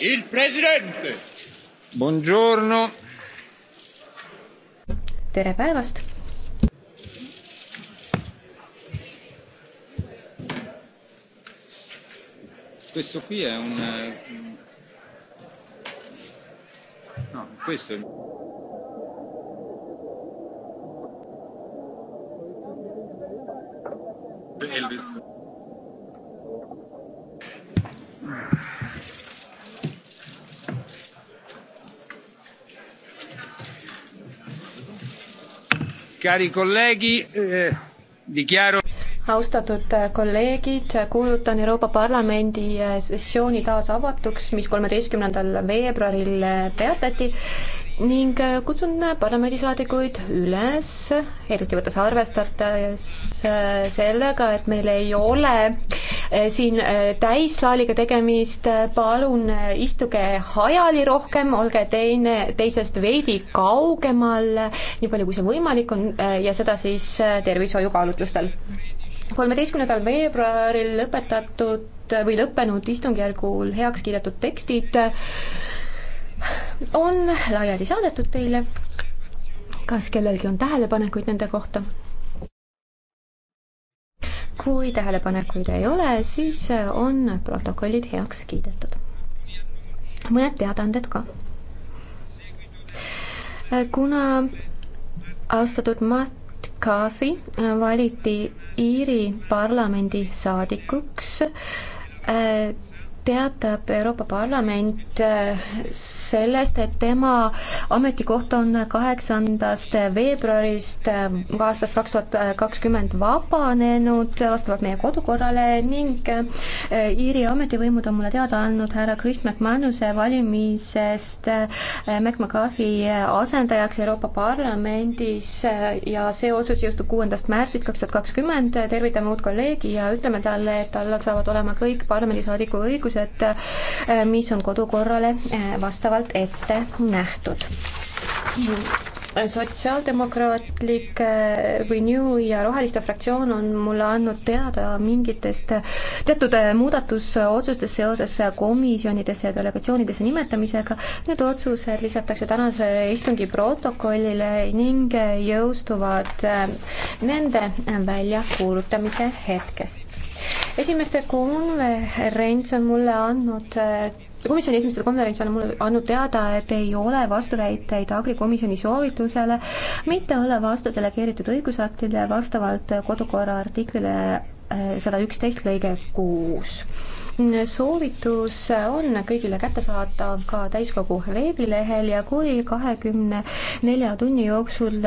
Il presidente. Buongiorno. tere päevast. Questo qui è un. Eh, no, questo è. Elvis. Cari colleghi, eh, dichiaro austatud eh, kolleegid, kuulutan Euroopa Parlamendi eh, sessiooni taas avatuks, mis kolmeteistkümnendal veebruaril eh, peatati ning äh, kutsun äh, parlamendisaadikuid üles, eriti võttes arvestades äh, sellega, et meil ei ole siin täissaaliga tegemist, palun istuge hajali rohkem, olge teine, teisest veidi kaugemal, nii palju kui see võimalik on ja seda siis tervishoiukaalutlustel. kolmeteistkümnendal veebruaril lõpetatud või lõppenud istungjärgul heaks kiidetud tekstid on laiali saadetud teile. kas kellelgi on tähelepanekuid nende kohta? kui tähelepanekuid ei ole, siis on protokollid heaks kiidetud. mõned teadaanded ka. kuna austatud Mart Cathy valiti Iiri parlamendi saadikuks, teatab Euroopa Parlament äh, sellest, et tema ametikoht on kaheksandast veebruarist äh, aastast kaks tuhat kakskümmend vabanenud äh, vastavalt meie kodukorrale ning Iiri ametivõimud on mulle teada andnud härra Chris McManuse valimisest McMcCarthy asendajaks Euroopa Parlamendis ja see otsus jõustub kuuendast märtsist kaks tuhat kakskümmend, tervitame uut kolleegi ja ütleme talle, et tal saavad olema kõik parlamendisaadiku õigused, õigused, äh, mis on kodukorrale äh, vastavalt ette nähtud sotsiaaldemokraatlik äh, Renew ja Roheliste fraktsioon on mulle andnud teada mingitest teatud muudatusotsustest seoses komisjonidesse ja delegatsioonidesse nimetamisega. Need otsused lisatakse tänase istungi protokollile ning jõustuvad nende väljakuulutamise hetkest esimeste konverents on mulle andnud eh, komisjoni esimesel konverentsil on mulle andnud teada, et ei ole vastuväiteid agrikomisjoni soovitusele mitte olla vastu delegeeritud õigusaktile vastavalt kodukorra artiklile sada üksteist lõige kuus. soovitus on kõigile kättesaadav ka täiskogu veebilehel ja kui kahekümne nelja tunni jooksul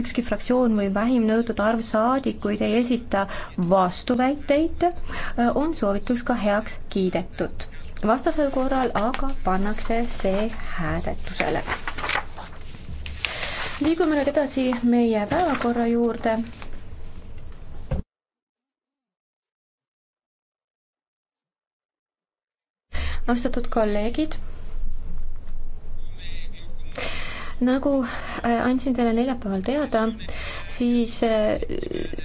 ükski fraktsioon või vähim nõutud arv saadikuid ei esita vastuväiteid, on soovitus ka heaks kiidetud. vastasel korral aga pannakse see hääletusele liigume nüüd edasi meie päevakorra juurde austatud kolleegid nagu äh, andsin teile neljapäeval teada, siis äh,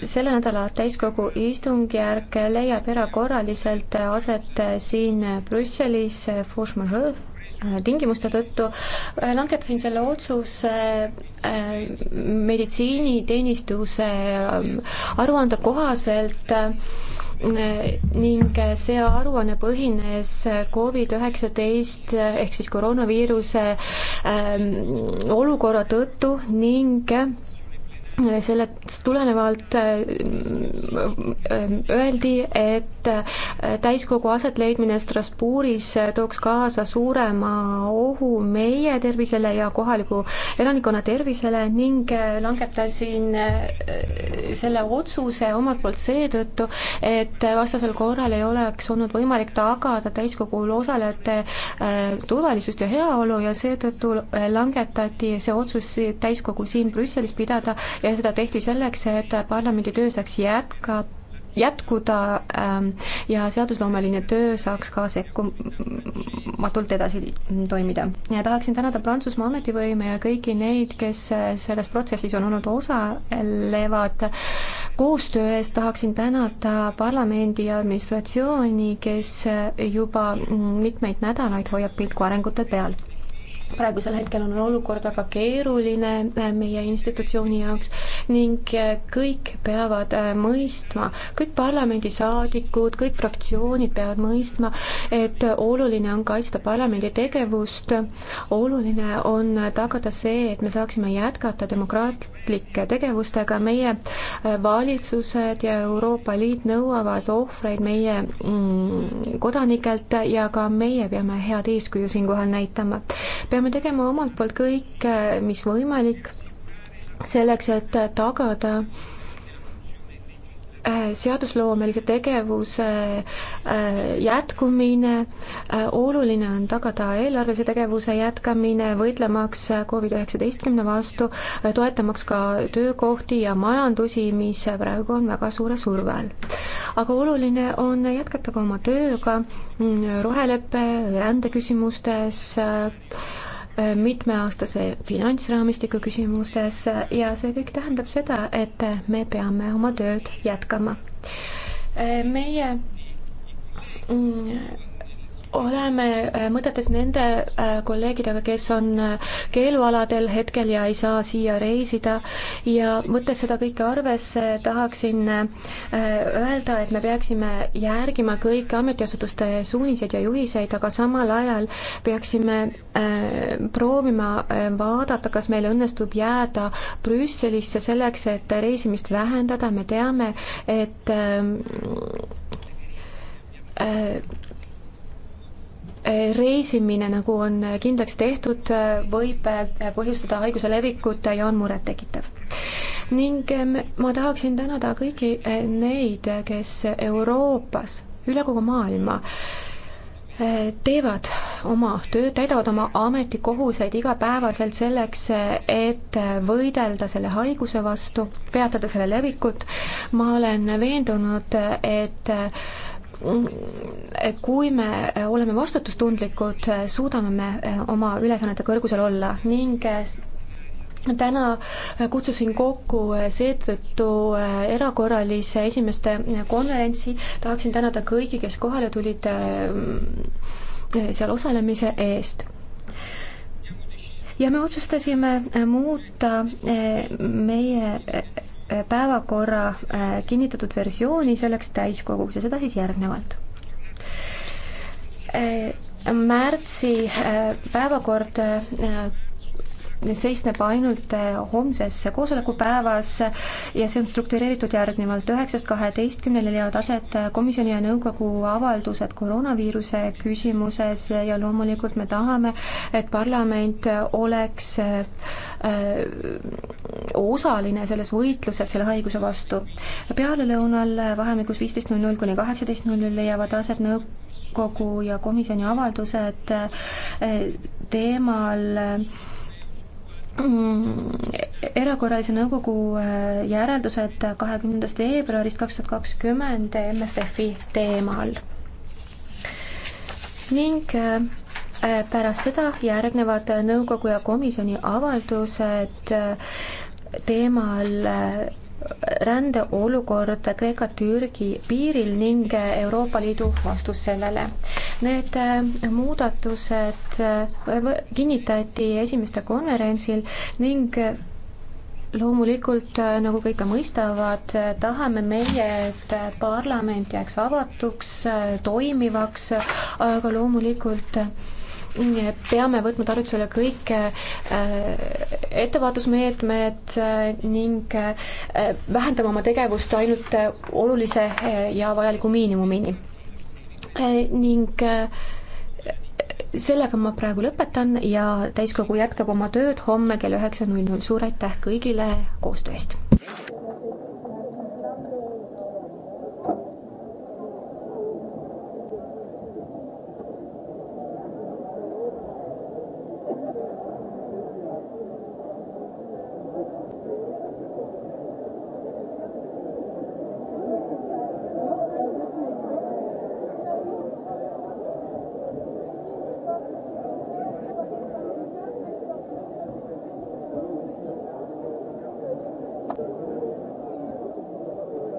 selle nädala täiskogu istungjärk leiab erakorraliselt äh, aset siin Brüsselis force majeure tingimuste tõttu langetasin selle otsuse meditsiiniteenistuse aruande kohaselt ning see aruanne põhines Covid-19 ehk siis koroonaviiruse ähm, olukorra tõttu ning sellest tulenevalt äh, öeldi, et äh, täiskogu asetleidmine Strasbourgis äh, tooks kaasa suurema ohu meie tervisele ja kohaliku elanikkonna tervisele ning langetasin selle otsuse omalt poolt seetõttu, et vastasel korral ei oleks olnud võimalik tagada täiskogul osalejate turvalisust ja heaolu ja seetõttu langetati see otsus täiskogu siin Brüsselis pidada ja seda tehti selleks, et parlamendi töö saaks jätkata jätkuda ähm, ja seadusloomeline töö saaks ka sekkumatult edasi toimida. ja tahaksin tänada Prantsusmaa ametivõime ja kõiki neid, kes selles protsessis on olnud osalevad. koostöö eest tahaksin tänada parlamendi ja administratsiooni, kes juba mitmeid nädalaid hoiab pilku arengute peal praegusel hetkel on olukord väga keeruline äh, meie institutsiooni jaoks ning äh, kõik peavad äh, mõistma, kõik parlamendisaadikud, kõik fraktsioonid peavad mõistma, et oluline on kaitsta parlamendi tegevust, oluline on tagada see, et me saaksime jätkata demokraatlike tegevustega, meie valitsused ja Euroopa Liit nõuavad ohvreid meie mm, kodanikelt ja ka meie peame head eeskuju siinkohal näitama peame tegema omalt poolt kõike, eh, mis võimalik, selleks, et tagada eh, seadusloomelise tegevuse eh, jätkumine, oluline on tagada eelarvelise tegevuse jätkamine, võitlemaks Covid-19 vastu, toetamaks ka töökohti ja majandusi, mis praegu on väga suure surve all. aga oluline on jätkata ka oma tööga mm, roheleppe, rändeküsimustes, mitmeaastase finantsraamistiku küsimustes ja see kõik tähendab seda, et me peame oma tööd jätkama. meie mm, oleme äh, mõtetes nende äh, kolleegidega, kes on äh, keelualadel hetkel ja ei saa siia reisida ja võttes seda kõike arvesse, tahaksin öelda, et me peaksime järgima kõiki ametiasutuste suuniseid ja juhiseid, aga samal ajal peaksime proovima vaadata, kas meil õnnestub jääda Brüsselisse selleks, et reisimist vähendada, me teame, et ähm, reisimine, nagu on kindlaks tehtud, võib põhjustada haiguse levikut ja on murettekitav. ning ehm, ma tahaksin tänada kõiki eh, neid, kes Euroopas, üle kogu maailma eh, teevad oma tööd, täidavad oma ametikohuseid igapäevaselt selleks, et võidelda selle haiguse vastu, peatada selle levikut. ma olen veendunud, et kui me äh, oleme vastutustundlikud, äh, suudame me äh, oma ülesannete kõrgusel olla ning täna kutsusin kokku seetõttu erakorralise esimeste konverentsi, tahaksin tänada kõigi, kes kohale tulid seal osalemise eest ja me otsustasime muuta meie päevakorra äh, kinnitatud versiooni selleks täiskoguks ja seda siis järgnevalt. Äh, märtsi äh, päevakord seisneb ainult eh, homses koosolekupäevas ja see on struktureeritud järgnevalt üheksast kaheteistkümneni leiavad aset eh, komisjoni ja nõukogu avaldused koroonaviiruse küsimuses ja loomulikult me tahame, et parlament oleks eh, osaline selles võitluses selle haiguse vastu. pealelõunal vahemikus viisteist null null kuni kaheksateist null null leiavad aset nõukogu ja komisjoni avaldused teemal Mm, erakorralise nõukogu äh, järeldused kahekümnendast veebruarist kaks tuhat kakskümmend MFF-i teemal. ning äh, äh, pärast seda järgnevad nõukogu ja komisjoni avaldused teemal rändeolukord Kreeka-Türgi piiril ning Euroopa Liidu vastus sellele. Need äh, muudatused äh, kinnitati esimeste konverentsil ning äh, loomulikult, nagu kõik mõistavad, tahame meie, et parlament jääks avatuks, toimivaks, aga loomulikult äh, peame võtma tarvitusele kõik äh, ettevaatusmeetmed äh, ning äh, vähendama oma tegevust ainult olulise ja vajaliku miinimumini. ning sellega ma praegu lõpetan ja täiskogu jätkab oma tööd homme kell üheksa null null. suur aitäh kõigile koostöö eest!